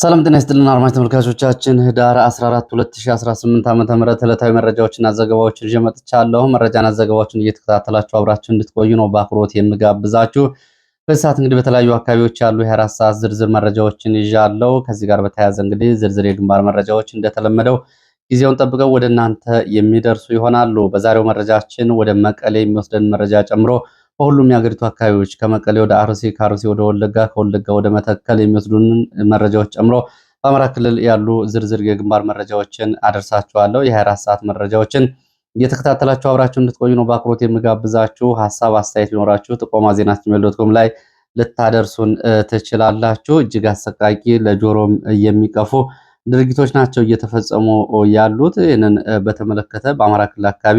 ሰላም ጤና ይስጥልን አድማጭ ተመልካቾቻችን፣ ህዳር 14 2018 ዓ.ም ዕለታዊ መረጃዎችና ዘገባዎችን ይዤ መጥቻለሁ። መረጃና ዘገባዎችን እየተከታተላችሁ አብራችሁ እንድትቆዩ ነው በአክብሮት የምጋብዛችሁ። በዚህ ሰዓት እንግዲህ በተለያዩ አካባቢዎች ያሉ የ24 ሰዓት ዝርዝር መረጃዎችን ይዣለሁ። ከዚህ ጋር በተያያዘ እንግዲህ ዝርዝር የግንባር መረጃዎች እንደተለመደው ጊዜውን ጠብቀው ወደ እናንተ የሚደርሱ ይሆናሉ። በዛሬው መረጃችን ወደ መቀሌ የሚወስደን መረጃ ጨምሮ በሁሉም የሀገሪቱ አካባቢዎች ከመቀሌ ወደ አርሲ፣ ከአርሲ ወደ ወለጋ፣ ከወለጋ ወደ መተከል የሚወስዱን መረጃዎች ጨምሮ በአማራ ክልል ያሉ ዝርዝር የግንባር መረጃዎችን አደርሳችኋለሁ። የ24 ሰዓት መረጃዎችን እየተከታተላችሁ አብራችሁ እንድትቆዩ ነው በአክብሮት የምጋብዛችሁ። ሀሳብ አስተያየት ቢኖራችሁ ጥቆማ ዜና ጂሜል ዶት ኮም ላይ ልታደርሱን ትችላላችሁ። እጅግ አሰቃቂ ለጆሮም የሚቀፉ ድርጊቶች ናቸው እየተፈጸሙ ያሉት። ይህንን በተመለከተ በአማራ ክልል አካባቢ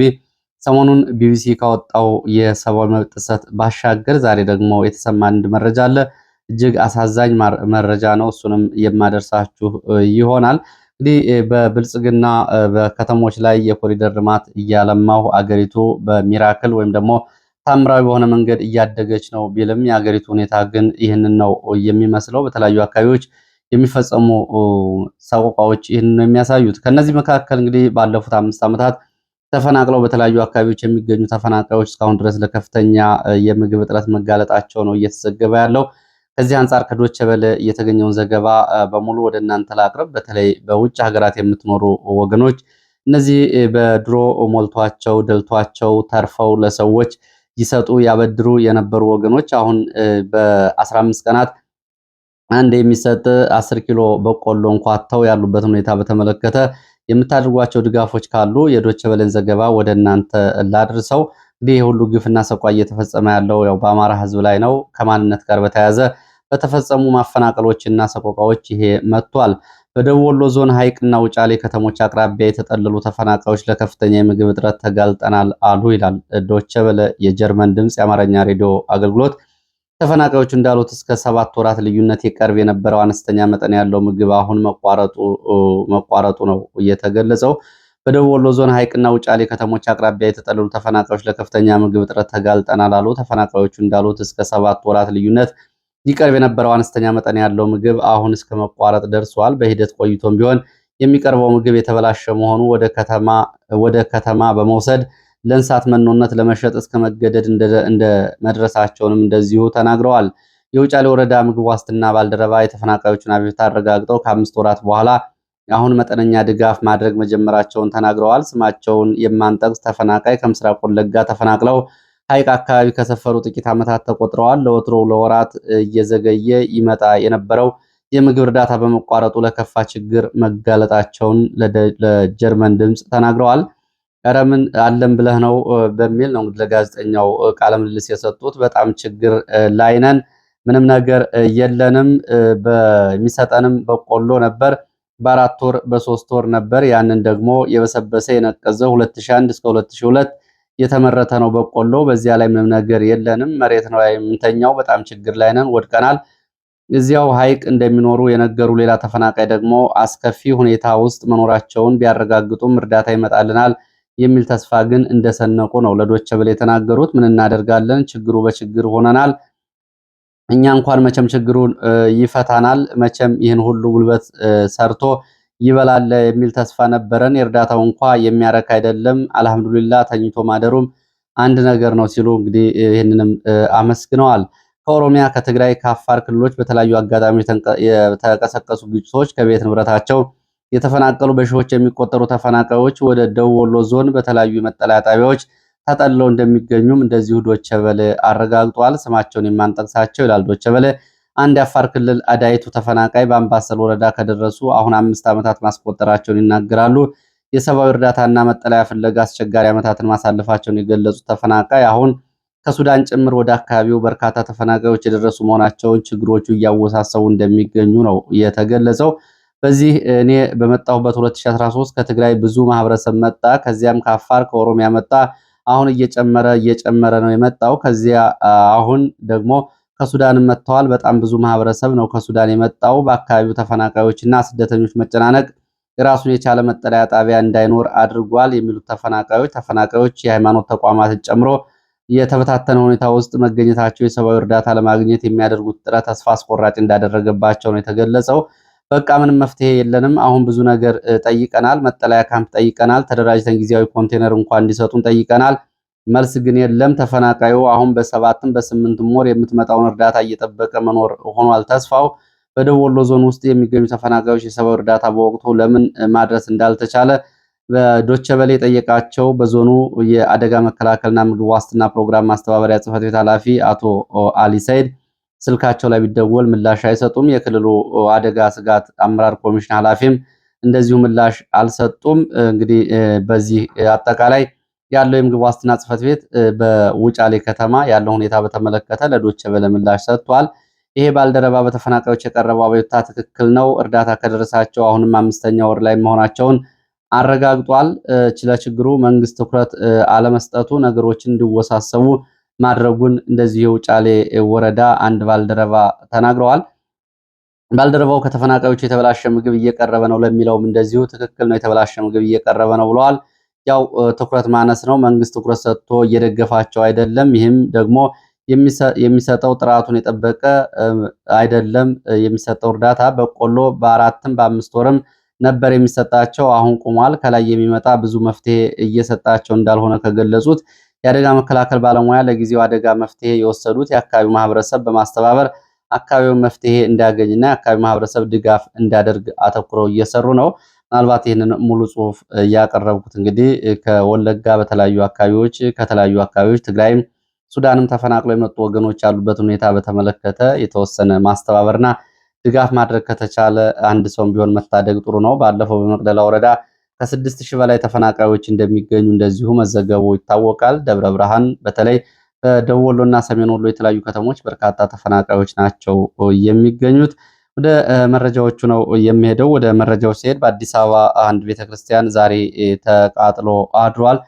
ሰሞኑን ቢቢሲ ካወጣው የሰብአዊ መብት ጥሰት ባሻገር ዛሬ ደግሞ የተሰማ አንድ መረጃ አለ። እጅግ አሳዛኝ መረጃ ነው። እሱንም የማደርሳችሁ ይሆናል። እንግዲህ በብልጽግና በከተሞች ላይ የኮሪደር ልማት እያለማሁ አገሪቱ በሚራክል ወይም ደግሞ ታምራዊ በሆነ መንገድ እያደገች ነው ቢልም የአገሪቱ ሁኔታ ግን ይህንን ነው የሚመስለው። በተለያዩ አካባቢዎች የሚፈጸሙ ሰቆቃዎች ይህንን ነው የሚያሳዩት። ከእነዚህ መካከል እንግዲህ ባለፉት አምስት ዓመታት ተፈናቅለው በተለያዩ አካባቢዎች የሚገኙ ተፈናቃዮች እስካሁን ድረስ ለከፍተኛ የምግብ እጥረት መጋለጣቸው ነው እየተዘገበ ያለው። ከዚህ አንጻር ከዶቼ ቬለ የተገኘውን ዘገባ በሙሉ ወደ እናንተ ላቅርብ። በተለይ በውጭ ሀገራት የምትኖሩ ወገኖች እነዚህ በድሮ ሞልቷቸው ደልቷቸው ተርፈው ለሰዎች ይሰጡ ያበድሩ የነበሩ ወገኖች አሁን በ15 ቀናት አንድ የሚሰጥ 10 ኪሎ በቆሎ እንኳ አጥተው ያሉበትን ሁኔታ በተመለከተ የምታደርጓቸው ድጋፎች ካሉ የዶቸ በለን ዘገባ ወደ እናንተ ላድርሰው። እንግዲህ ይህ ሁሉ ግፍና ሰቋ እየተፈጸመ ያለው ያው በአማራ ህዝብ ላይ ነው። ከማንነት ጋር በተያያዘ በተፈጸሙ ማፈናቀሎችና ሰቆቃዎች ይሄ መጥቷል። በደቡብ ወሎ ዞን ሐይቅና ውጫሌ ከተሞች አቅራቢያ የተጠለሉ ተፈናቃዮች ለከፍተኛ የምግብ እጥረት ተጋልጠናል አሉ ይላል ዶቸ የጀርመን ድምፅ የአማርኛ ሬዲዮ አገልግሎት። ተፈናቃዮች እንዳሉት እስከ ሰባት ወራት ልዩነት ይቀርብ የነበረው አነስተኛ መጠን ያለው ምግብ አሁን መቋረጡ ነው እየተገለጸው። በደቡብ ወሎ ዞን ሐይቅና ውጫሌ ከተሞች አቅራቢያ የተጠለሉ ተፈናቃዮች ለከፍተኛ ምግብ እጥረት ተጋልጠናል አሉ። ተፈናቃዮቹ እንዳሉት እስከ ሰባት ወራት ልዩነት ይቀርብ የነበረው አነስተኛ መጠን ያለው ምግብ አሁን እስከ መቋረጥ ደርሷል። በሂደት ቆይቶም ቢሆን የሚቀርበው ምግብ የተበላሸ መሆኑ ወደ ከተማ በመውሰድ ለእንስሳት መኖነት ለመሸጥ እስከ መገደድ እንደ መድረሳቸውንም እንደዚሁ ተናግረዋል። የውጫሌ ወረዳ ምግብ ዋስትና ባልደረባ የተፈናቃዮችን አቤቱታ አረጋግጠው ከአምስት ወራት በኋላ አሁን መጠነኛ ድጋፍ ማድረግ መጀመራቸውን ተናግረዋል። ስማቸውን የማንጠቅስ ተፈናቃይ ከምስራቅ ወለጋ ተፈናቅለው ሐይቅ አካባቢ ከሰፈሩ ጥቂት ዓመታት ተቆጥረዋል። ለወትሮ ለወራት እየዘገየ ይመጣ የነበረው የምግብ እርዳታ በመቋረጡ ለከፋ ችግር መጋለጣቸውን ለጀርመን ድምፅ ተናግረዋል። ኧረ ምን አለም ብለህ ነው በሚል ነው እንግዲህ ለጋዜጠኛው ቃለ ምልልስ የሰጡት። በጣም ችግር ላይ ነን፣ ምንም ነገር የለንም፣ የሚሰጠንም በቆሎ ነበር በአራት ወር በሶስት ወር ነበር። ያንን ደግሞ የበሰበሰ የነቀዘ 2001 እስከ 2002 የተመረተ ነው በቆሎ። በዚያ ላይ ምንም ነገር የለንም፣ መሬት ነው የምንተኛው። በጣም ችግር ላይ ነን፣ ወድቀናል። እዚያው ሐይቅ እንደሚኖሩ የነገሩ ሌላ ተፈናቃይ ደግሞ አስከፊ ሁኔታ ውስጥ መኖራቸውን ቢያረጋግጡም እርዳታ ይመጣልናል የሚል ተስፋ ግን እንደሰነቁ ነው ለዶቸ ብል የተናገሩት። ምን እናደርጋለን፣ ችግሩ በችግር ሆነናል። እኛ እንኳን መቼም ችግሩን ይፈታናል፣ መቼም ይህን ሁሉ ጉልበት ሰርቶ ይበላል የሚል ተስፋ ነበረን። የእርዳታው እንኳ የሚያረክ አይደለም። አልሐምዱሊላ ተኝቶ ማደሩም አንድ ነገር ነው ሲሉ እንግዲህ ይህንንም አመስግነዋል። ከኦሮሚያ ከትግራይ፣ ከአፋር ክልሎች በተለያዩ አጋጣሚዎች የተቀሰቀሱ ግጭቶች ከቤት ንብረታቸው የተፈናቀሉ በሺዎች የሚቆጠሩ ተፈናቃዮች ወደ ደቡብ ወሎ ዞን በተለያዩ የመጠለያ ጣቢያዎች ተጠልለው እንደሚገኙም እንደዚሁ ዶቸበለ አረጋግጧል። ስማቸውን የማንጠቅሳቸው ይላል ዶቸበለ አንድ የአፋር ክልል አዳይቱ ተፈናቃይ በአምባሰል ወረዳ ከደረሱ አሁን አምስት ዓመታት ማስቆጠራቸውን ይናገራሉ። የሰብአዊ እርዳታና መጠለያ ፍለጋ አስቸጋሪ ዓመታትን ማሳለፋቸውን የገለጹት ተፈናቃይ አሁን ከሱዳን ጭምር ወደ አካባቢው በርካታ ተፈናቃዮች የደረሱ መሆናቸውን ችግሮቹ እያወሳሰቡ እንደሚገኙ ነው የተገለጸው። በዚህ እኔ በመጣሁበት 2013 ከትግራይ ብዙ ማህበረሰብ መጣ። ከዚያም ከአፋር ከኦሮሚያ መጣ። አሁን እየጨመረ እየጨመረ ነው የመጣው። ከዚያ አሁን ደግሞ ከሱዳን መጥተዋል። በጣም ብዙ ማህበረሰብ ነው ከሱዳን የመጣው። በአካባቢው ተፈናቃዮችና ስደተኞች መጨናነቅ የራሱን የቻለ መጠለያ ጣቢያ እንዳይኖር አድርጓል የሚሉት ተፈናቃዮች ተፈናቃዮች የሃይማኖት ተቋማትን ጨምሮ የተበታተነ ሁኔታ ውስጥ መገኘታቸው የሰብአዊ እርዳታ ለማግኘት የሚያደርጉት ጥረት ተስፋ አስቆራጭ እንዳደረገባቸው ነው የተገለጸው። በቃ ምንም መፍትሄ የለንም። አሁን ብዙ ነገር ጠይቀናል። መጠለያ ካምፕ ጠይቀናል። ተደራጅተን ጊዜያዊ ኮንቴነር እንኳን እንዲሰጡን ጠይቀናል። መልስ ግን የለም። ተፈናቃዩ አሁን በሰባትም በስምንትም ወር የምትመጣውን እርዳታ እየጠበቀ መኖር ሆኗል ተስፋው። በደቡብ ወሎ ዞን ውስጥ የሚገኙ ተፈናቃዮች የሰብአዊ እርዳታ በወቅቱ ለምን ማድረስ እንዳልተቻለ በዶቸበሌ ጠየቃቸው። በዞኑ የአደጋ መከላከልና ምግብ ዋስትና ፕሮግራም ማስተባበሪያ ጽህፈት ቤት ኃላፊ አቶ አሊ ሰይድ ስልካቸው ላይ ቢደወል ምላሽ አይሰጡም። የክልሉ አደጋ ስጋት አመራር ኮሚሽን ኃላፊም እንደዚሁ ምላሽ አልሰጡም። እንግዲህ በዚህ አጠቃላይ ያለው የምግብ ዋስትና ጽፈት ቤት በውጫሌ ከተማ ያለው ሁኔታ በተመለከተ ለዶቼ ቬለ ምላሽ ሰጥቷል። ይሄ ባልደረባ በተፈናቃዮች የቀረበው አቤቱታ ትክክል ነው፣ እርዳታ ከደረሳቸው አሁንም አምስተኛ ወር ላይ መሆናቸውን አረጋግጧል። ለችግሩ መንግስት ትኩረት አለመስጠቱ ነገሮችን እንዲወሳሰቡ ማድረጉን እንደዚህ የውጫሌ ወረዳ አንድ ባልደረባ ተናግረዋል። ባልደረባው ከተፈናቃዮች የተበላሸ ምግብ እየቀረበ ነው ለሚለውም እንደዚሁ ትክክል ነው፣ የተበላሸ ምግብ እየቀረበ ነው ብለዋል። ያው ትኩረት ማነስ ነው፣ መንግስት ትኩረት ሰጥቶ እየደገፋቸው አይደለም። ይህም ደግሞ የሚሰጠው ጥራቱን የጠበቀ አይደለም። የሚሰጠው እርዳታ በቆሎ በአራትም በአምስት ወርም ነበር የሚሰጣቸው፣ አሁን ቁሟል። ከላይ የሚመጣ ብዙ መፍትሄ እየሰጣቸው እንዳልሆነ ከገለጹት የአደጋ መከላከል ባለሙያ ለጊዜው አደጋ መፍትሄ የወሰዱት የአካባቢው ማህበረሰብ በማስተባበር አካባቢውን መፍትሄ እንዲያገኝና የአካባቢው ማህበረሰብ ድጋፍ እንዲያደርግ አተኩረው እየሰሩ ነው። ምናልባት ይህንን ሙሉ ጽሁፍ እያቀረብኩት እንግዲህ ከወለጋ በተለያዩ አካባቢዎች ከተለያዩ አካባቢዎች ትግራይም ሱዳንም ተፈናቅለው የመጡ ወገኖች ያሉበት ሁኔታ በተመለከተ የተወሰነ ማስተባበርና ድጋፍ ማድረግ ከተቻለ አንድ ሰውም ቢሆን መታደግ ጥሩ ነው። ባለፈው በመቅደላ ወረዳ ከስድስት ሺህ በላይ ተፈናቃዮች እንደሚገኙ እንደዚሁ መዘገቡ ይታወቃል። ደብረ ብርሃን በተለይ በደቡብ ወሎ እና ሰሜን ወሎ የተለያዩ ከተሞች በርካታ ተፈናቃዮች ናቸው የሚገኙት። ወደ መረጃዎቹ ነው የሚሄደው። ወደ መረጃዎች ሲሄድ በአዲስ አበባ አንድ ቤተክርስቲያን ዛሬ ተቃጥሎ አድሯል።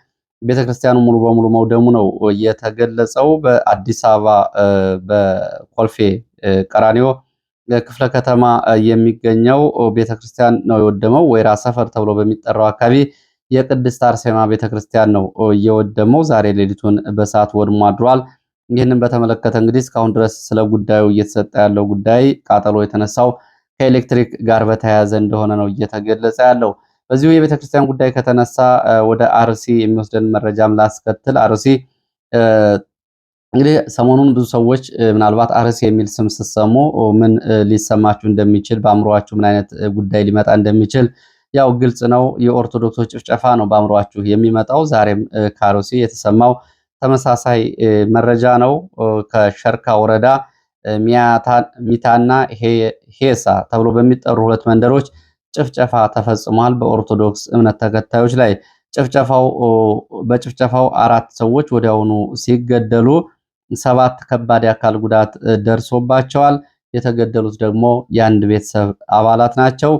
ቤተክርስቲያኑ ሙሉ በሙሉ መውደሙ ነው የተገለጸው። በአዲስ አበባ በኮልፌ ቀራኒዮ ክፍለ ከተማ የሚገኘው ቤተክርስቲያን ነው የወደመው። ወይራ ሰፈር ተብሎ በሚጠራው አካባቢ የቅድስት አርሴማ ቤተክርስቲያን ነው የወደመው። ዛሬ ሌሊቱን በሰዓት ወድሞ አድሯል። ይህንን በተመለከተ እንግዲህ እስካሁን ድረስ ስለ ጉዳዩ እየተሰጠ ያለው ጉዳይ ቃጠሎ የተነሳው ከኤሌክትሪክ ጋር በተያያዘ እንደሆነ ነው እየተገለጸ ያለው። በዚሁ የቤተክርስቲያን ጉዳይ ከተነሳ ወደ አርሲ የሚወስደን መረጃም ላስከትል። አርሲ እንግዲህ ሰሞኑን ብዙ ሰዎች ምናልባት አርስ የሚል ስም ስትሰሙ ምን ሊሰማችሁ እንደሚችል በአእምሯችሁ ምን አይነት ጉዳይ ሊመጣ እንደሚችል ያው ግልጽ ነው። የኦርቶዶክሶች ጭፍጨፋ ነው በአእምሯችሁ የሚመጣው። ዛሬም ከአርሲ የተሰማው ተመሳሳይ መረጃ ነው። ከሸርካ ወረዳ ሚታና ሄሳ ተብሎ በሚጠሩ ሁለት መንደሮች ጭፍጨፋ ተፈጽሟል በኦርቶዶክስ እምነት ተከታዮች ላይ። ጭፍጨፋው በጭፍጨፋው አራት ሰዎች ወዲያውኑ ሲገደሉ ሰባት ከባድ የአካል ጉዳት ደርሶባቸዋል። የተገደሉት ደግሞ የአንድ ቤተሰብ አባላት ናቸው።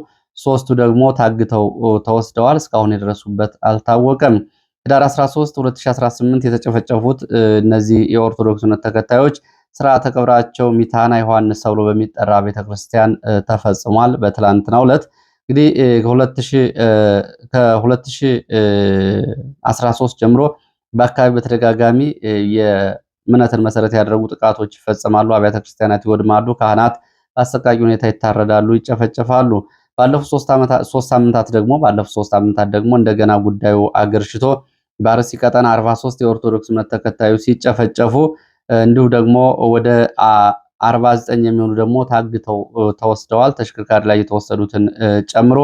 ሶስቱ ደግሞ ታግተው ተወስደዋል። እስካሁን የደረሱበት አልታወቀም። ህዳር 13 2018 የተጨፈጨፉት እነዚህ የኦርቶዶክስ እምነት ተከታዮች ስርዓተ ቀብራቸው ሚታና ዮሐንስ ተብሎ በሚጠራ ቤተክርስቲያን ተፈጽሟል። በትላንትናው ዕለት እንግዲህ ከ2013 ጀምሮ በአካባቢ በተደጋጋሚ እምነትን መሰረት ያደረጉ ጥቃቶች ይፈጸማሉ፣ አብያተ ክርስቲያናት ይወድማሉ፣ ካህናት በአሰቃቂ ሁኔታ ይታረዳሉ፣ ይጨፈጨፋሉ። ባለፉት ሶስት ሳምንታት ደግሞ ባለፉት ሶስት ሳምንታት ደግሞ እንደገና ጉዳዩ አገርሽቶ በአርሲ ቀጠና 43 የኦርቶዶክስ እምነት ተከታዮች ሲጨፈጨፉ እንዲሁ ደግሞ ወደ 49 የሚሆኑ ደግሞ ታግተው ተወስደዋል። ተሽከርካሪ ላይ የተወሰዱትን ጨምሮ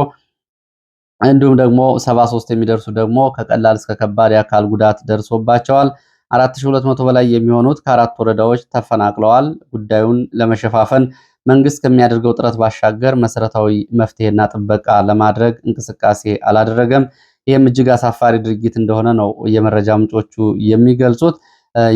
እንዲሁም ደግሞ 73 የሚደርሱ ደግሞ ከቀላል እስከ ከባድ የአካል ጉዳት ደርሶባቸዋል። 4200 በላይ የሚሆኑት ከአራት ወረዳዎች ተፈናቅለዋል። ጉዳዩን ለመሸፋፈን መንግስት ከሚያደርገው ጥረት ባሻገር መሰረታዊ መፍትሄና ጥበቃ ለማድረግ እንቅስቃሴ አላደረገም። ይህም እጅግ አሳፋሪ ድርጊት እንደሆነ ነው የመረጃ ምንጮቹ የሚገልጹት።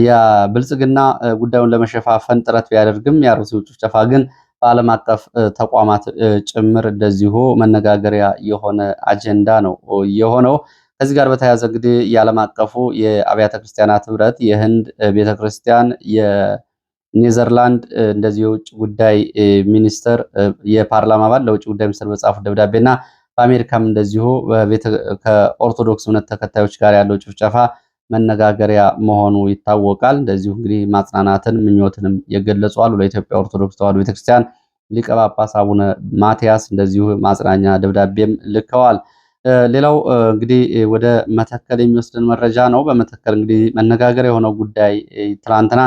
የብልጽግና ጉዳዩን ለመሸፋፈን ጥረት ቢያደርግም የአርሲው ጭፍጨፋ ግን በዓለም አቀፍ ተቋማት ጭምር እንደዚሁ መነጋገሪያ የሆነ አጀንዳ ነው የሆነው። ከዚህ ጋር በተያያዘ እንግዲህ የዓለም አቀፉ የአብያተ ክርስቲያናት ህብረት፣ የህንድ ቤተክርስቲያን የኔዘርላንድ እንደዚህ የውጭ ጉዳይ ሚኒስተር የፓርላማ አባል ለውጭ ጉዳይ ሚኒስተር በጻፉት ና በአሜሪካም እንደዚሁ ከኦርቶዶክስ እምነት ተከታዮች ጋር ያለው ጭፍጨፋ መነጋገሪያ መሆኑ ይታወቃል። እንደዚሁ እንግዲህ ማጽናናትን ምኞትንም የገለጹ አሉ። ለኢትዮጵያ ኦርቶዶክስ ተዋሕዶ ቤተክርስቲያን ሊቀ ጳጳስ አቡነ ማትያስ እንደዚሁ ማጽናኛ ደብዳቤም ልከዋል። ሌላው እንግዲህ ወደ መተከል የሚወስድን መረጃ ነው። በመተከል እንግዲህ መነጋገር የሆነው ጉዳይ ትላንትና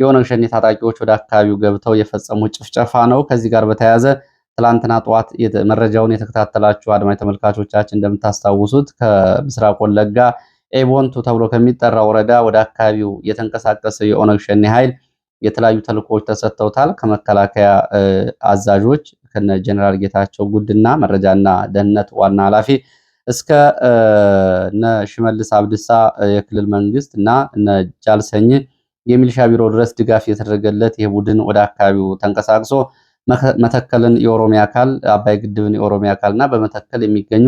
የኦነግ ሸኔ ታጣቂዎች ወደ አካባቢው ገብተው የፈጸሙት ጭፍጨፋ ነው። ከዚህ ጋር በተያያዘ ትላንትና ጠዋት መረጃውን የተከታተላችሁ አድማጭ ተመልካቾቻችን እንደምታስታውሱት ከምስራቅ ወለጋ ኤቦንቱ ተብሎ ከሚጠራ ወረዳ ወደ አካባቢው የተንቀሳቀሰ የኦነግ ሸኔ ኃይል የተለያዩ ተልእኮዎች ተሰጥተውታል። ከመከላከያ አዛዦች ከነ ጀነራል ጌታቸው ጉድና መረጃና ደህንነት ዋና ኃላፊ እስከ እነ ሽመልስ አብድሳ የክልል መንግስት እና እነ ጃልሰኝ የሚሊሻ ቢሮ ድረስ ድጋፍ የተደረገለት ይህ ቡድን ወደ አካባቢው ተንቀሳቅሶ መተከልን የኦሮሚያ አካል አባይ ግድብን የኦሮሚያ አካል እና በመተከል የሚገኙ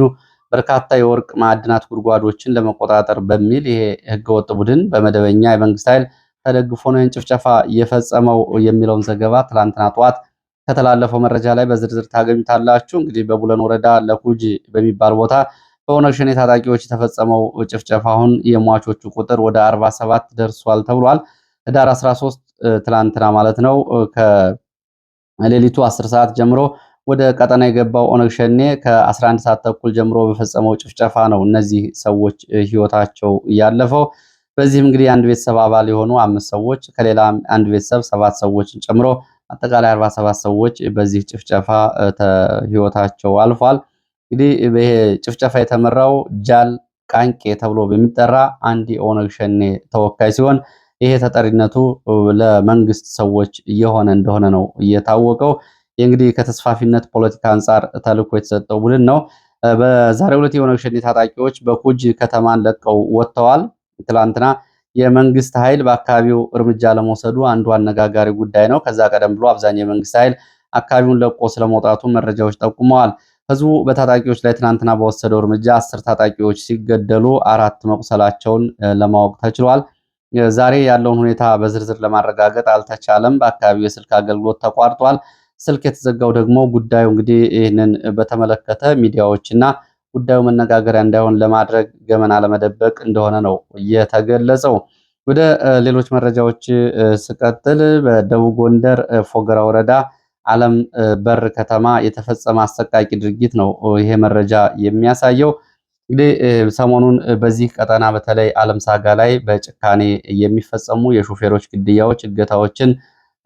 በርካታ የወርቅ ማዕድናት ጉድጓዶችን ለመቆጣጠር በሚል ይሄ ህገወጥ ቡድን በመደበኛ የመንግስት ኃይል ተደግፎ ነው ጭፍጨፋ የፈጸመው የሚለውን ዘገባ ትላንትና ጠዋት ከተላለፈው መረጃ ላይ በዝርዝር ታገኙታላችሁ። እንግዲህ በቡለን ወረዳ ለኩጂ በሚባል ቦታ በኦነግ ሸኔ ታጣቂዎች የተፈጸመው ጭፍጨፋ አሁን የሟቾቹ ቁጥር ወደ 47 ደርሷል ተብሏል። ህዳር 13 ትላንትና ማለት ነው ከሌሊቱ 10 ሰዓት ጀምሮ ወደ ቀጠና የገባው ኦነግ ሸኔ ከ11 ሰዓት ተኩል ጀምሮ በፈጸመው ጭፍጨፋ ነው እነዚህ ሰዎች ህይወታቸው ያለፈው። በዚህም እንግዲህ አንድ ቤተሰብ አባል የሆኑ አምስት ሰዎች ከሌላ አንድ ቤተሰብ ሰባት ሰዎችን ጨምሮ አጠቃላይ 47 ሰዎች በዚህ ጭፍጨፋ ህይወታቸው አልፏል። እንግዲህ ይሄ ጭፍጨፋ የተመራው ጃል ቃንቄ ተብሎ በሚጠራ አንድ የኦነግ ሸኔ ተወካይ ሲሆን ይሄ ተጠሪነቱ ለመንግስት ሰዎች እየሆነ እንደሆነ ነው እየታወቀው። እንግዲህ ከተስፋፊነት ፖለቲካ አንጻር ተልዕኮ የተሰጠው ቡድን ነው። በዛሬው ዕለት የኦነግ ሸኔ ታጣቂዎች በኩጅ ከተማን ለቀው ወጥተዋል። ትላንትና የመንግስት ኃይል በአካባቢው እርምጃ ለመውሰዱ አንዱ አነጋጋሪ ጉዳይ ነው። ከዛ ቀደም ብሎ አብዛኛው የመንግስት ኃይል አካባቢውን ለቆ ስለመውጣቱ መረጃዎች ጠቁመዋል። ህዝቡ በታጣቂዎች ላይ ትናንትና በወሰደው እርምጃ አስር ታጣቂዎች ሲገደሉ አራት መቁሰላቸውን ለማወቅ ተችሏል። ዛሬ ያለውን ሁኔታ በዝርዝር ለማረጋገጥ አልተቻለም። በአካባቢው የስልክ አገልግሎት ተቋርጧል። ስልክ የተዘጋው ደግሞ ጉዳዩ እንግዲህ ይህንን በተመለከተ ሚዲያዎች እና ጉዳዩ መነጋገሪያ እንዳይሆን ለማድረግ ገመና ለመደበቅ እንደሆነ ነው የተገለጸው። ወደ ሌሎች መረጃዎች ስቀጥል በደቡብ ጎንደር ፎገራ ወረዳ አለም በር ከተማ የተፈጸመ አሰቃቂ ድርጊት ነው ይሄ መረጃ የሚያሳየው። እንግዲህ ሰሞኑን በዚህ ቀጠና በተለይ አለም ሳጋ ላይ በጭካኔ የሚፈጸሙ የሾፌሮች ግድያዎች፣ እገታዎችን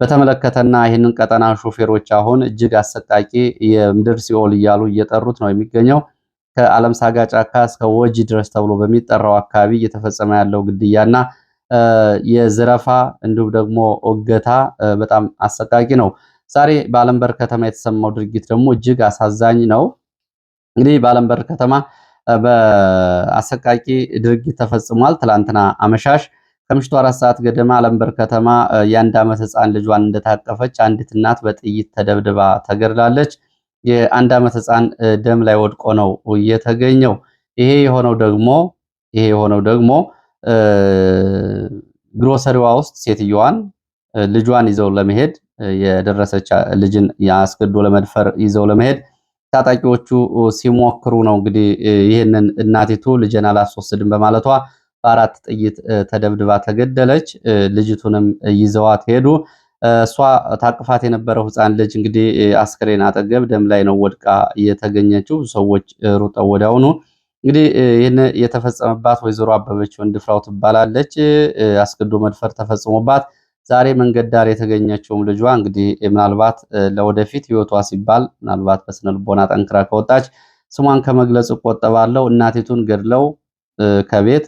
በተመለከተና ይህንን ቀጠና ሾፌሮች አሁን እጅግ አሰቃቂ የምድር ሲኦል እያሉ እየጠሩት ነው የሚገኘው። ከአለምሳጋ ጫካ እስከ ወጂ ድረስ ተብሎ በሚጠራው አካባቢ እየተፈጸመ ያለው ግድያና የዘረፋ እንዲሁም ደግሞ እገታ በጣም አሰቃቂ ነው። ዛሬ በአለምበር ከተማ የተሰማው ድርጊት ደግሞ እጅግ አሳዛኝ ነው። እንግዲህ በአለምበር ከተማ በአሰቃቂ ድርጊት ተፈጽሟል። ትላንትና አመሻሽ ከምሽቱ አራት ሰዓት ገደማ አለምበር ከተማ የአንድ ዓመት ህፃን ልጇን እንደታቀፈች አንዲት እናት በጥይት ተደብድባ ተገድላለች። የአንድ ዓመት ሕፃን ደም ላይ ወድቆ ነው የተገኘው። ይሄ የሆነው ደግሞ ይሄ የሆነው ደግሞ ግሮሰሪዋ ውስጥ ሴትዮዋን ልጇን ይዘው ለመሄድ የደረሰች ልጅን አስገዶ ለመድፈር ይዘው ለመሄድ ታጣቂዎቹ ሲሞክሩ ነው እንግዲህ ይህንን እናቲቱ ልጅን አላስወስድም በማለቷ በአራት ጥይት ተደብድባ ተገደለች። ልጅቱንም ይዘዋት ሄዱ። እሷ ታቅፋት የነበረው ህፃን ልጅ እንግዲህ አስክሬን አጠገብ ደም ላይ ነው ወድቃ የተገኘችው። ሰዎች ሩጠው ወዲያውኑ እንግዲህ ይህን የተፈጸመባት ወይዘሮ አበበች ወንድፍራው ትባላለች። አስገዶ መድፈር ተፈጽሞባት ዛሬ መንገድ ዳር የተገኘችውም ልጇ እንግዲህ ምናልባት ለወደፊት ህይወቷ ሲባል ምናልባት በስነ ልቦና ጠንክራ ከወጣች ስሟን ከመግለጽ እቆጠባለሁ። እናቲቱን ገድለው ከቤት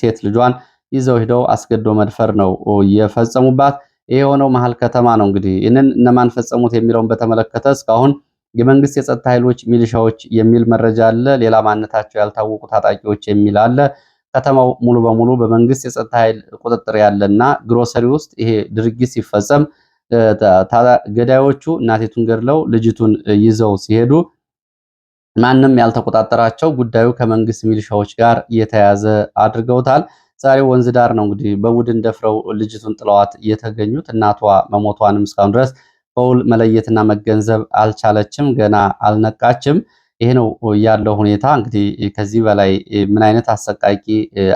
ሴት ልጇን ይዘው ሂደው አስገዶ መድፈር ነው የፈጸሙባት። ይህ የሆነው መሀል ከተማ ነው። እንግዲህ ይህንን እነማን ፈጸሙት የሚለውን በተመለከተ እስካሁን የመንግስት የጸጥታ ኃይሎች ሚሊሻዎች የሚል መረጃ አለ። ሌላ ማንነታቸው ያልታወቁ ታጣቂዎች የሚል አለ። ከተማው ሙሉ በሙሉ በመንግስት የጸጥታ ኃይል ቁጥጥር ያለና ግሮሰሪ ውስጥ ይሄ ድርጊት ሲፈጸም ገዳዮቹ እናቴቱን ገድለው ልጅቱን ይዘው ሲሄዱ ማንም ያልተቆጣጠራቸው ጉዳዩ ከመንግስት ሚሊሻዎች ጋር የተያዘ አድርገውታል። ዛሬ ወንዝ ዳር ነው እንግዲህ በቡድን ደፍረው ልጅቱን ጥለዋት የተገኙት። እናቷ መሞቷንም እስካሁን ድረስ በውል መለየትና መገንዘብ አልቻለችም። ገና አልነቃችም። ይሄ ነው ያለው ሁኔታ። እንግዲህ ከዚህ በላይ ምን አይነት አሰቃቂ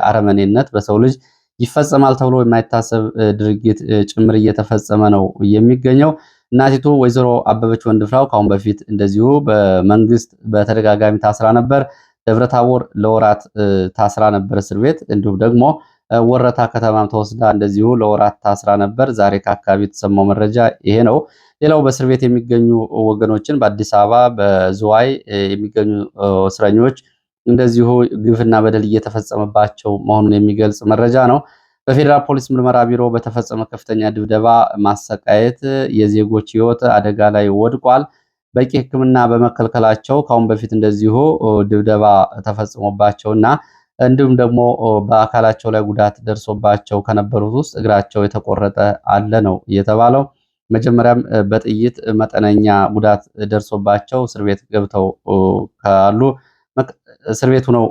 አረመኔነት በሰው ልጅ ይፈጸማል ተብሎ የማይታሰብ ድርጊት ጭምር እየተፈጸመ ነው የሚገኘው። እናቲቱ ወይዘሮ አበበች ወንድፍራው ከአሁን በፊት እንደዚሁ በመንግስት በተደጋጋሚ ታስራ ነበር። ደብረታቦር ለወራት ታስራ ነበር እስር ቤት። እንዲሁም ደግሞ ወረታ ከተማም ተወስዳ እንደዚሁ ለወራት ታስራ ነበር። ዛሬ ከአካባቢ የተሰማው መረጃ ይሄ ነው። ሌላው በእስር ቤት የሚገኙ ወገኖችን በአዲስ አበባ በዝዋይ የሚገኙ እስረኞች እንደዚሁ ግፍና በደል እየተፈጸመባቸው መሆኑን የሚገልጽ መረጃ ነው። በፌዴራል ፖሊስ ምርመራ ቢሮ በተፈጸመ ከፍተኛ ድብደባ፣ ማሰቃየት የዜጎች ሕይወት አደጋ ላይ ወድቋል። በቂ ሕክምና በመከልከላቸው ከአሁን በፊት እንደዚሁ ድብደባ ተፈጽሞባቸው እና እንዲሁም ደግሞ በአካላቸው ላይ ጉዳት ደርሶባቸው ከነበሩት ውስጥ እግራቸው የተቆረጠ አለ ነው የተባለው። መጀመሪያም በጥይት መጠነኛ ጉዳት ደርሶባቸው እስር ቤት ገብተው ካሉ እስር ቤቱ ነው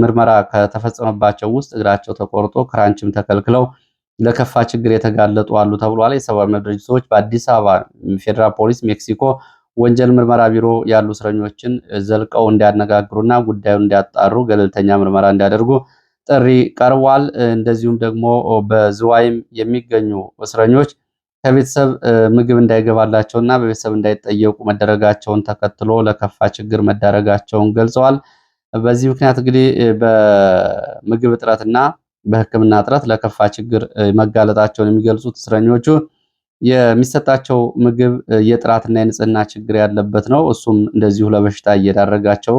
ምርመራ ከተፈጸመባቸው ውስጥ እግራቸው ተቆርጦ ክራንችም ተከልክለው ለከፋ ችግር የተጋለጡ አሉ ተብሏል። የሰብአዊ መብት ድርጅቶች በአዲስ አበባ ፌዴራል ፖሊስ፣ ሜክሲኮ ወንጀል ምርመራ ቢሮ ያሉ እስረኞችን ዘልቀው እንዲያነጋግሩና ጉዳዩን እንዲያጣሩ ገለልተኛ ምርመራ እንዲያደርጉ ጥሪ ቀርቧል። እንደዚሁም ደግሞ በዝዋይም የሚገኙ እስረኞች ከቤተሰብ ምግብ እንዳይገባላቸው እና በቤተሰብ እንዳይጠየቁ መደረጋቸውን ተከትሎ ለከፋ ችግር መዳረጋቸውን ገልጸዋል። በዚህ ምክንያት እንግዲህ በምግብ እጥረትና በሕክምና እጥረት ለከፋ ችግር መጋለጣቸውን የሚገልጹት እስረኞቹ የሚሰጣቸው ምግብ የጥራትና የንጽህና ችግር ያለበት ነው። እሱም እንደዚሁ ለበሽታ እየዳረጋቸው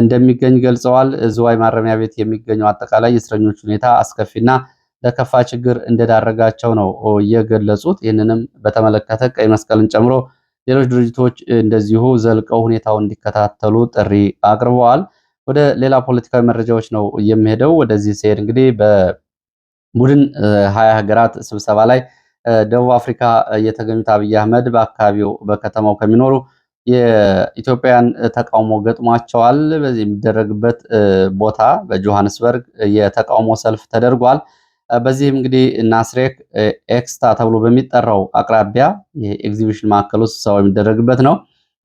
እንደሚገኝ ገልጸዋል። ዝዋይ ማረሚያ ቤት የሚገኘው አጠቃላይ የእስረኞች ሁኔታ አስከፊና ለከፋ ችግር እንደዳረጋቸው ነው የገለጹት። ይህንንም በተመለከተ ቀይ መስቀልን ጨምሮ ሌሎች ድርጅቶች እንደዚሁ ዘልቀው ሁኔታውን እንዲከታተሉ ጥሪ አቅርበዋል። ወደ ሌላ ፖለቲካዊ መረጃዎች ነው የሚሄደው። ወደዚህ ሲሄድ እንግዲህ በቡድን ሀያ ሀገራት ስብሰባ ላይ ደቡብ አፍሪካ የተገኙት አብይ አህመድ በአካባቢው በከተማው ከሚኖሩ የኢትዮጵያን ተቃውሞ ገጥሟቸዋል። በዚህ የሚደረግበት ቦታ በጆሃንስበርግ የተቃውሞ ሰልፍ ተደርጓል። በዚህም እንግዲህ ናስሬክ ኤክስታ ተብሎ በሚጠራው አቅራቢያ የኤግዚቢሽን ማዕከል ውስጥ ሰው የሚደረግበት ነው።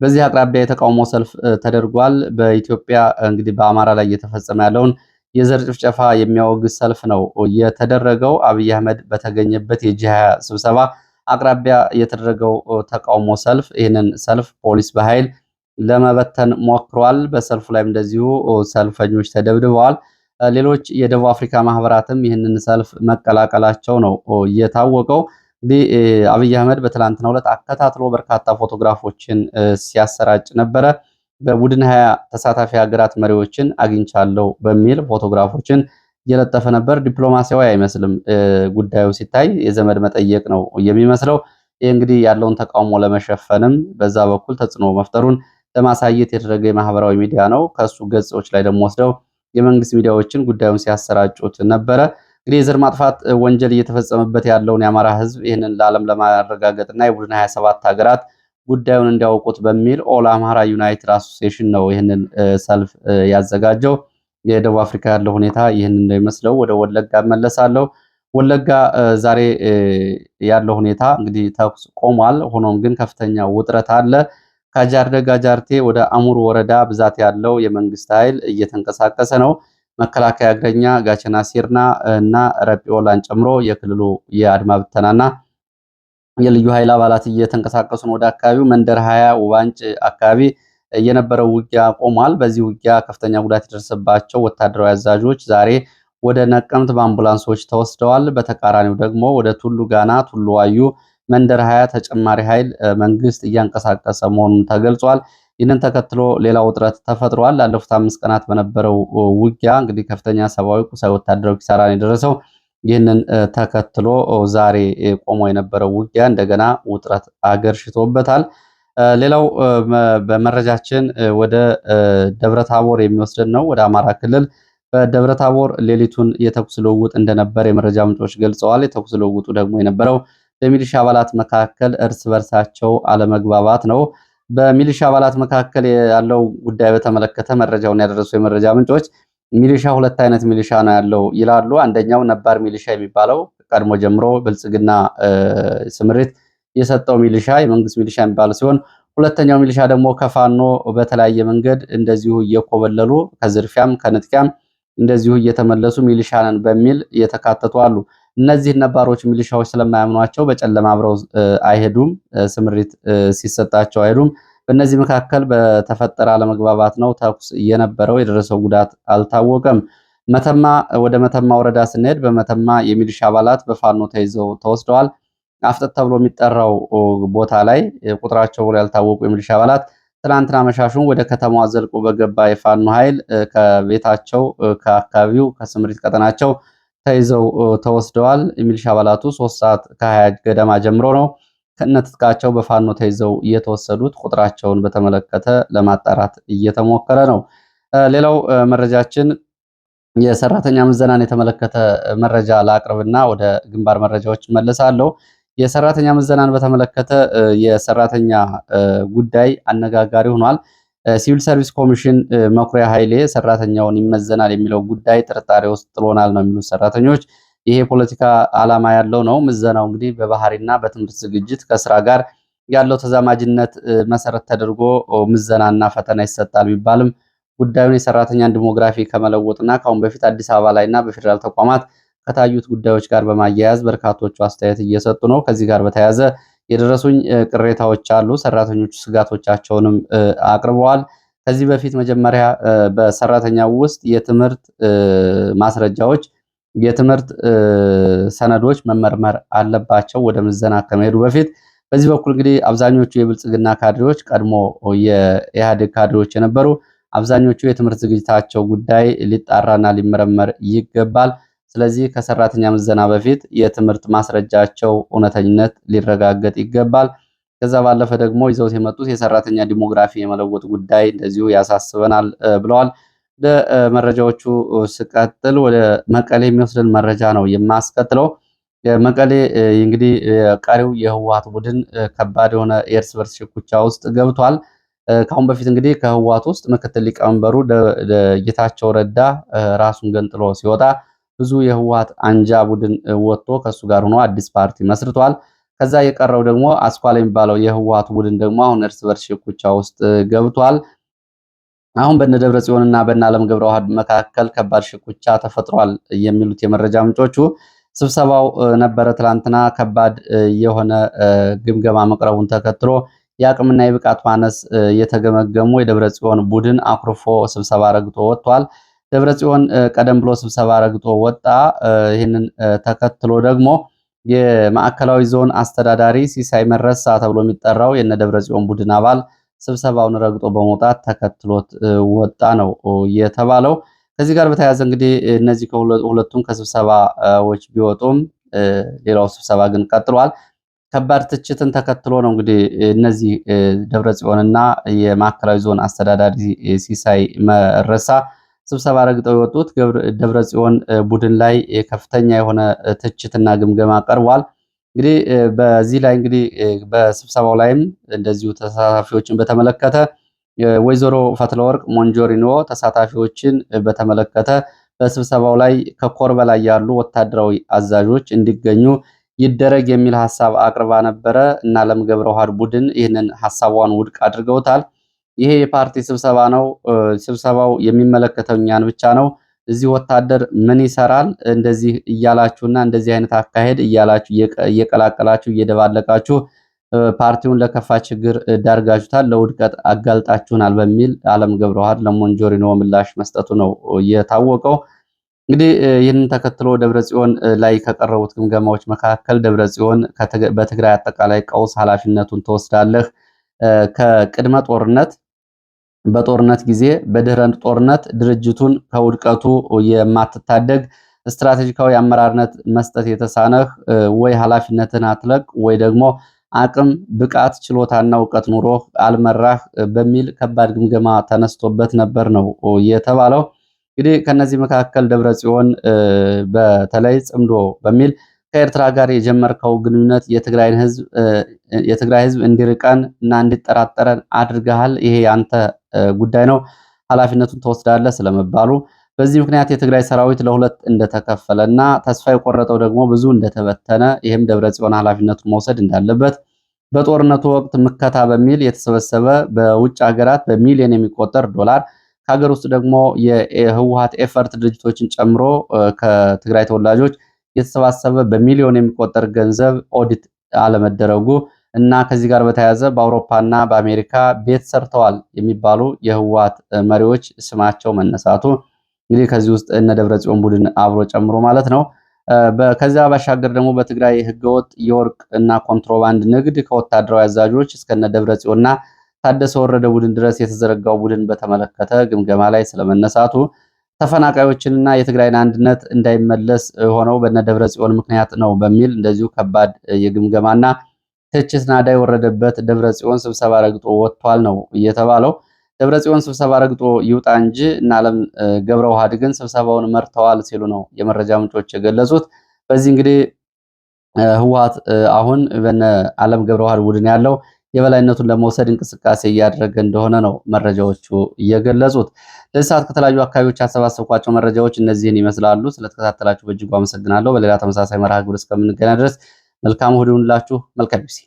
በዚህ አቅራቢያ የተቃውሞ ሰልፍ ተደርጓል። በኢትዮጵያ እንግዲህ በአማራ ላይ እየተፈጸመ ያለውን የዘር ጭፍጨፋ የሚያወግዝ ሰልፍ ነው የተደረገው። አብይ አህመድ በተገኘበት የጂ 20 ስብሰባ አቅራቢያ የተደረገው ተቃውሞ ሰልፍ ይህንን ሰልፍ ፖሊስ በኃይል ለመበተን ሞክሯል። በሰልፉ ላይም እንደዚሁ ሰልፈኞች ተደብድበዋል። ሌሎች የደቡብ አፍሪካ ማህበራትም ይህንን ሰልፍ መቀላቀላቸው ነው የታወቀው። እንግዲህ አብይ አህመድ በትላንትናው ዕለት አከታትሎ በርካታ ፎቶግራፎችን ሲያሰራጭ ነበረ። በቡድን ሀያ ተሳታፊ ሀገራት መሪዎችን አግኝቻለሁ በሚል ፎቶግራፎችን እየለጠፈ ነበር። ዲፕሎማሲያዊ አይመስልም ጉዳዩ ሲታይ የዘመድ መጠየቅ ነው የሚመስለው። ይህ እንግዲህ ያለውን ተቃውሞ ለመሸፈንም በዛ በኩል ተጽዕኖ መፍጠሩን ለማሳየት የተደረገ የማህበራዊ ሚዲያ ነው። ከእሱ ገጾች ላይ ደግሞ ወስደው የመንግስት ሚዲያዎችን ጉዳዩን ሲያሰራጩት ነበረ። እንግዲህ የዘር ማጥፋት ወንጀል እየተፈጸመበት ያለውን የአማራ ህዝብ ይህንን ለዓለም ለማረጋገጥና የቡድን 27 ሀገራት ጉዳዩን እንዲያውቁት በሚል ኦል አማራ ዩናይትድ አሶሲሽን ነው ይህንን ሰልፍ ያዘጋጀው። የደቡብ አፍሪካ ያለው ሁኔታ ይህን እንደሚመስለው ወደ ወለጋ እመለሳለሁ። ወለጋ ዛሬ ያለው ሁኔታ እንግዲህ ተኩስ ቆሟል። ሆኖም ግን ከፍተኛ ውጥረት አለ። ከጃርደ ጋጃርቴ ወደ አሙር ወረዳ ብዛት ያለው የመንግስት ኃይል እየተንቀሳቀሰ ነው። መከላከያ፣ እግረኛ፣ ጋቸና ሲርና እና ረጲዮላን ጨምሮ የክልሉ የአድማ ብተናና የልዩ ኃይል አባላት እየተንቀሳቀሱ ነው። ወደ አካባቢው መንደር ሀያ ውባንጭ አካባቢ የነበረው ውጊያ ቆሟል። በዚህ ውጊያ ከፍተኛ ጉዳት የደረሰባቸው ወታደራዊ አዛዦች ዛሬ ወደ ነቀምት በአምቡላንሶች ተወስደዋል። በተቃራኒው ደግሞ ወደ ቱሉ ጋና፣ ቱሉ ዋዩ፣ መንደር ሀያ ተጨማሪ ኃይል መንግስት እያንቀሳቀሰ መሆኑን ተገልጿል። ይህንን ተከትሎ ሌላ ውጥረት ተፈጥሯል። ላለፉት አምስት ቀናት በነበረው ውጊያ እንግዲህ ከፍተኛ ሰብአዊ፣ ቁሳዊ፣ ወታደራዊ ኪሳራን የደረሰው ይህንን ተከትሎ ዛሬ ቆሞ የነበረው ውጊያ እንደገና ውጥረት አገርሽቶበታል። ሌላው በመረጃችን ወደ ደብረታቦር የሚወስደን ነው። ወደ አማራ ክልል በደብረታቦር ሌሊቱን የተኩስ ልውውጥ እንደነበር የመረጃ ምንጮች ገልጸዋል። የተኩስ ልውውጡ ደግሞ የነበረው በሚሊሻ አባላት መካከል እርስ በርሳቸው አለመግባባት ነው። በሚሊሻ አባላት መካከል ያለው ጉዳይ በተመለከተ መረጃውን ያደረሱ የመረጃ ምንጮች ሚሊሻ ሁለት አይነት ሚሊሻ ነው ያለው ይላሉ። አንደኛው ነባር ሚሊሻ የሚባለው ቀድሞ ጀምሮ ብልጽግና ስምሪት የሰጠው ሚሊሻ የመንግስት ሚሊሻ የሚባል ሲሆን ሁለተኛው ሚሊሻ ደግሞ ከፋኖ በተለያየ መንገድ እንደዚሁ እየኮበለሉ ከዝርፊያም ከንጥቂያም እንደዚሁ እየተመለሱ ሚሊሻ ነን በሚል እየተካተቱ አሉ። እነዚህ ነባሮች ሚሊሻዎች ስለማያምኗቸው በጨለማ አብረው አይሄዱም፣ ስምሪት ሲሰጣቸው አይሄዱም። በእነዚህ መካከል በተፈጠረ አለመግባባት ነው ተኩስ የነበረው። የደረሰው ጉዳት አልታወቀም። መተማ ወደ መተማ ወረዳ ስንሄድ በመተማ የሚሊሻ አባላት በፋኖ ተይዘው ተወስደዋል። አፍጠት ተብሎ የሚጠራው ቦታ ላይ ቁጥራቸው ያልታወቁ የሚሊሻ አባላት ትናንትና መሻሹን ወደ ከተማዋ ዘልቆ በገባ የፋኖ ኃይል ከቤታቸው ከአካባቢው ከስምሪት ቀጠናቸው ተይዘው ተወስደዋል። የሚሊሻ አባላቱ ሶስት ሰዓት ከሀያ ገደማ ጀምሮ ነው ከነትጥቃቸው በፋኖ ተይዘው እየተወሰዱት ቁጥራቸውን በተመለከተ ለማጣራት እየተሞከረ ነው። ሌላው መረጃችን የሰራተኛ ምዘናን የተመለከተ መረጃ ላቅርብና ወደ ግንባር መረጃዎች መለሳለሁ። የሰራተኛ ምዘናን በተመለከተ የሰራተኛ ጉዳይ አነጋጋሪ ሆኗል። ሲቪል ሰርቪስ ኮሚሽን መኩሪያ ኃይሌ ሰራተኛውን ይመዘናል የሚለው ጉዳይ ጥርጣሬ ውስጥ ጥሎናል ነው የሚሉት ሰራተኞች ይሄ የፖለቲካ ዓላማ ያለው ነው። ምዘናው እንግዲህ በባህሪና በትምህርት ዝግጅት ከስራ ጋር ያለው ተዛማጅነት መሰረት ተደርጎ ምዘናና ፈተና ይሰጣል ቢባልም ጉዳዩን የሰራተኛን ዲሞግራፊ ከመለወጥና ከአሁን በፊት አዲስ አበባ ላይና በፌዴራል ተቋማት ከታዩት ጉዳዮች ጋር በማያያዝ በርካቶቹ አስተያየት እየሰጡ ነው። ከዚህ ጋር በተያያዘ የደረሱኝ ቅሬታዎች አሉ። ሰራተኞቹ ስጋቶቻቸውንም አቅርበዋል። ከዚህ በፊት መጀመሪያ በሰራተኛው ውስጥ የትምህርት ማስረጃዎች የትምህርት ሰነዶች መመርመር አለባቸው ወደ ምዘና ከመሄዱ በፊት። በዚህ በኩል እንግዲህ አብዛኞቹ የብልጽግና ካድሬዎች ቀድሞ የኢህአዴግ ካድሬዎች የነበሩ አብዛኞቹ የትምህርት ዝግጅታቸው ጉዳይ ሊጣራና ሊመረመር ይገባል። ስለዚህ ከሰራተኛ ምዘና በፊት የትምህርት ማስረጃቸው እውነተኝነት ሊረጋገጥ ይገባል። ከዛ ባለፈ ደግሞ ይዘውት የመጡት የሰራተኛ ዲሞግራፊ የመለወጥ ጉዳይ እንደዚሁ ያሳስበናል ብለዋል። ለመረጃዎቹ ስቀጥል ወደ መቀሌ የሚወስድን መረጃ ነው የማስቀጥለው። መቀሌ እንግዲህ ቀሪው የህወሓት ቡድን ከባድ የሆነ የእርስ በርስ ሽኩቻ ውስጥ ገብቷል። ከአሁን በፊት እንግዲህ ከህወሓት ውስጥ ምክትል ሊቀመንበሩ ጌታቸው ረዳ ራሱን ገንጥሎ ሲወጣ ብዙ የህወሓት አንጃ ቡድን ወጥቶ ከእሱ ጋር ሆኖ አዲስ ፓርቲ መስርቷል። ከዛ የቀረው ደግሞ አስኳላ የሚባለው የህወሓት ቡድን ደግሞ አሁን እርስ በርስ ሽኩቻ ውስጥ ገብቷል። አሁን በነ ደብረ ጽዮንና በነ አለም ገብረ ዋህድ መካከል ከባድ ሽኩቻ ተፈጥሯል የሚሉት የመረጃ ምንጮቹ ስብሰባው ነበረ ትላንትና ከባድ የሆነ ግምገማ መቅረቡን ተከትሎ የአቅምና የብቃት ማነስ የተገመገሙ የደብረ ጽዮን ቡድን አኩርፎ ስብሰባ ረግጦ ወጥቷል። ደብረ ጽዮን ቀደም ብሎ ስብሰባ ረግጦ ወጣ። ይህንን ተከትሎ ደግሞ የማዕከላዊ ዞን አስተዳዳሪ ሲሳይ መረሳ ተብሎ የሚጠራው የነ ደብረ ጽዮን ቡድን አባል ስብሰባውን ረግጦ በመውጣት ተከትሎት ወጣ ነው የተባለው። ከዚህ ጋር በተያያዘ እንግዲህ እነዚህ ሁለቱም ከስብሰባዎች ቢወጡም ሌላው ስብሰባ ግን ቀጥሏል። ከባድ ትችትን ተከትሎ ነው እንግዲህ እነዚህ ደብረ ጽዮንና የማዕከላዊ ዞን አስተዳዳሪ ሲሳይ መረሳ ስብሰባ ረግጠው የወጡት ደብረ ጽዮን ቡድን ላይ ከፍተኛ የሆነ ትችትና ግምገማ ቀርቧል። እንግዲህ በዚህ ላይ እንግዲህ በስብሰባው ላይም እንደዚሁ ተሳታፊዎችን በተመለከተ ወይዘሮ ፈትለወርቅ ሞንጆሪኖ ተሳታፊዎችን በተመለከተ በስብሰባው ላይ ከኮር በላይ ያሉ ወታደራዊ አዛዦች እንዲገኙ ይደረግ የሚል ሀሳብ አቅርባ ነበረ እና አለም ቡድን ይህንን ሀሳቧን ውድቅ አድርገውታል። ይሄ የፓርቲ ስብሰባ ነው፣ ስብሰባው የሚመለከተው እኛን ብቻ ነው፣ እዚህ ወታደር ምን ይሰራል እንደዚህ እያላችሁና እንደዚህ አይነት አካሄድ እያላችሁ እየቀላቀላችሁ እየደባለቃችሁ ፓርቲውን ለከፋ ችግር ዳርጋችሁታል፣ ለውድቀት አጋልጣችሁናል በሚል አለም ገብረዋህድ ለሞንጆሪኖ ምላሽ መስጠቱ ነው የታወቀው። እንግዲህ ይህንን ተከትሎ ደብረ ጽዮን ላይ ከቀረቡት ግምገማዎች መካከል ደብረ ጽዮን በትግራይ አጠቃላይ ቀውስ ኃላፊነቱን ትወስዳለህ ከቅድመ ጦርነት በጦርነት ጊዜ በድህረ ጦርነት ድርጅቱን ከውድቀቱ የማትታደግ ስትራቴጂካዊ አመራርነት መስጠት የተሳነህ ወይ ኃላፊነትን አትለቅ ወይ ደግሞ አቅም፣ ብቃት፣ ችሎታና እውቀት ኑሮህ አልመራህ በሚል ከባድ ግምገማ ተነስቶበት ነበር ነው የተባለው። እንግዲህ ከነዚህ መካከል ደብረ ጽዮን በተለይ ጽምዶ በሚል ከኤርትራ ጋር የጀመርከው ግንኙነት የትግራይ ህዝብ እንዲርቀን እና እንዲጠራጠረን አድርገሃል። ይሄ ያንተ ጉዳይ ነው፣ ኃላፊነቱን ትወስዳለህ ስለመባሉ በዚህ ምክንያት የትግራይ ሰራዊት ለሁለት እንደተከፈለ እና ተስፋ የቆረጠው ደግሞ ብዙ እንደተበተነ ይህም ደብረ ጽዮን ኃላፊነቱን መውሰድ እንዳለበት በጦርነቱ ወቅት ምከታ በሚል የተሰበሰበ በውጭ ሀገራት በሚሊዮን የሚቆጠር ዶላር ከሀገር ውስጥ ደግሞ የህወሀት ኤፈርት ድርጅቶችን ጨምሮ ከትግራይ ተወላጆች የተሰባሰበ በሚሊዮን የሚቆጠር ገንዘብ ኦዲት አለመደረጉ እና ከዚህ ጋር በተያያዘ በአውሮፓና በአሜሪካ ቤት ሰርተዋል የሚባሉ የህወሓት መሪዎች ስማቸው መነሳቱ እንግዲህ ከዚህ ውስጥ እነ ደብረጽዮን ቡድን አብሮ ጨምሮ ማለት ነው። ከዚያ ባሻገር ደግሞ በትግራይ ህገወጥ የወርቅ እና ኮንትሮባንድ ንግድ ከወታደራዊ አዛዦች እስከነ ደብረጽዮንና ታደሰ ወረደ ቡድን ድረስ የተዘረጋው ቡድን በተመለከተ ግምገማ ላይ ስለመነሳቱ ተፈናቃዮችንና የትግራይን አንድነት እንዳይመለስ ሆነው በነ ደብረ ጽዮን ምክንያት ነው በሚል እንደዚሁ ከባድ የግምገማና ትችት ናዳ የወረደበት ደብረ ጽዮን ስብሰባ ረግጦ ወጥቷል ነው እየተባለው። ደብረ ጽዮን ስብሰባ ረግጦ ይውጣ እንጂ እና አለም ገብረ ውሃድ ግን ስብሰባውን መርተዋል ሲሉ ነው የመረጃ ምንጮች የገለጹት። በዚህ እንግዲህ ህወሓት አሁን በነ አለም ገብረ ውሃድ ቡድን ያለው የበላይነቱን ለመውሰድ እንቅስቃሴ እያደረገ እንደሆነ ነው መረጃዎቹ እየገለጹት። ለዚህ ሰዓት ከተለያዩ አካባቢዎች ያሰባሰብኳቸው መረጃዎች እነዚህን ይመስላሉ። ስለተከታተላችሁ በእጅጉ አመሰግናለሁ። በሌላ ተመሳሳይ መርሃ ግብር እስከምንገናኝ ድረስ መልካም እሁድ ይሁንላችሁ። መልካም ጊዜ